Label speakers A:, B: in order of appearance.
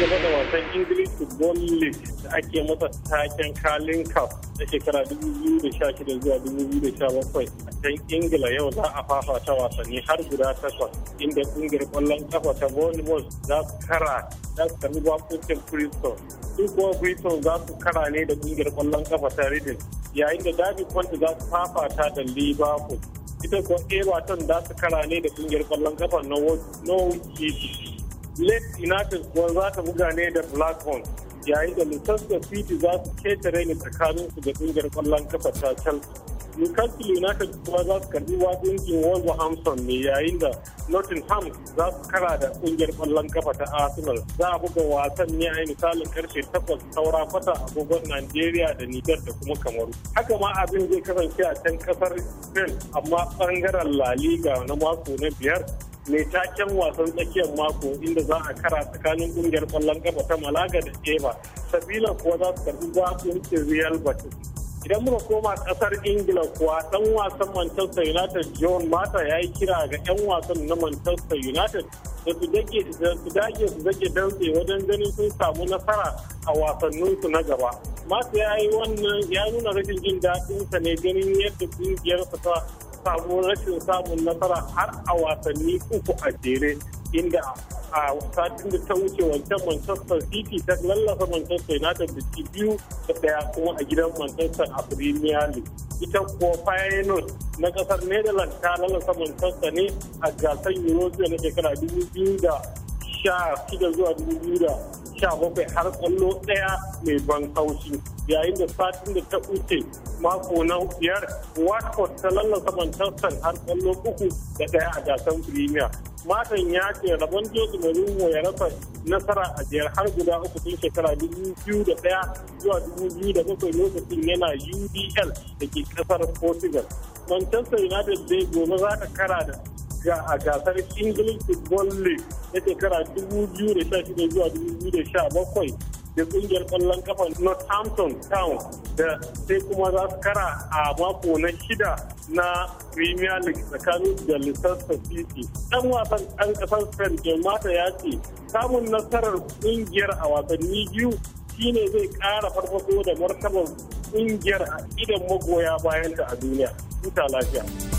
A: gaba da wasan English Football League da ake masa taken Carling Cup da shekara 2016 zuwa 2017 a can Ingila yau za a fafata wasanni har guda takwas inda kungiyar kwallon kafa ta Bournemouth za su kara za su karbi bakuncin Crystal. duk kuwa Crystal za su kara ne da kungiyar kwallon kafa ta Reading yayin da Derby point za su fafata da Liverpool. Ita kuwa Everton za su kara ne da kungiyar kwallon kafa na City. Leeds United kuwa za ta buga ne da Blackhorn yayin da Leicester City za su ketare tsakanin su da ƙungiyar kwallon kafa ta Chelsea. Newcastle United kuma za su karbi wasinkin Wolverhampton ne yayin da Nottingham za su kara da ƙungiyar kwallon kafa ta Arsenal. Za a buga wasan ne a misalin karshe takwas saura a agogon Najeriya da Niger da kuma Kamaru. Haka ma abin zai kasance a can kasar Spain amma bangaren La Liga na mako na biyar mai taken wasan tsakiyar mako inda za a kara tsakanin kungiyar kwallon kafa ta malaga da eba sabila kuwa za su karbi zaɓin real batis idan muka koma kasar ingila kuwa dan wasan manchester united john mata ya yi kira ga 'yan wasan na manchester united da su dage su dage su dage dantse wajen ganin sun samu nasara a wasanninsu na gaba mata ya yi wannan ya nuna rashin jin daɗinsa ne ganin yadda kungiyarsa ta samu rashin samun nasara har a wasanni uku a jere inda a satin da ta wuce wancan Manchester City ta lallasa Manchester United da ci biyu da daya kuma a gidan Manchester a Premier League. Ita kuwa Feyenoord na kasar Netherlands ta lallasa Manchester ne a gasar European na shekara da. sha shida zuwa dubu biyu da sha bakwai har kwallo ɗaya mai ban kaushi yayin da satin da ta wuce mako na biyar watford ta lallasa manchester har kwallo uku da ɗaya a gasar premier matan ya ce rabon Jose rumo ya rasa nasara a jiyar har guda uku tun shekara dubu biyu da ɗaya zuwa dubu biyu da bakwai lokacin yana UDL da ke ƙasar Portugal. Manchester United dai gobe za ta kara da ga a gasar English Football League na shekara 2016 zuwa 2017 da kungiyar kwallon kafa Northampton Town da sai kuma za su kara a mako na shida na Premier League tsakanin da Leicester City. Dan wasan ɗan ƙasar Spain Jamata ya ce samun nasarar kungiyar a wasanni biyu shine zai ƙara farfaso da martabar kungiyar a idan magoya bayan bayanta a duniya. Huta lafiya.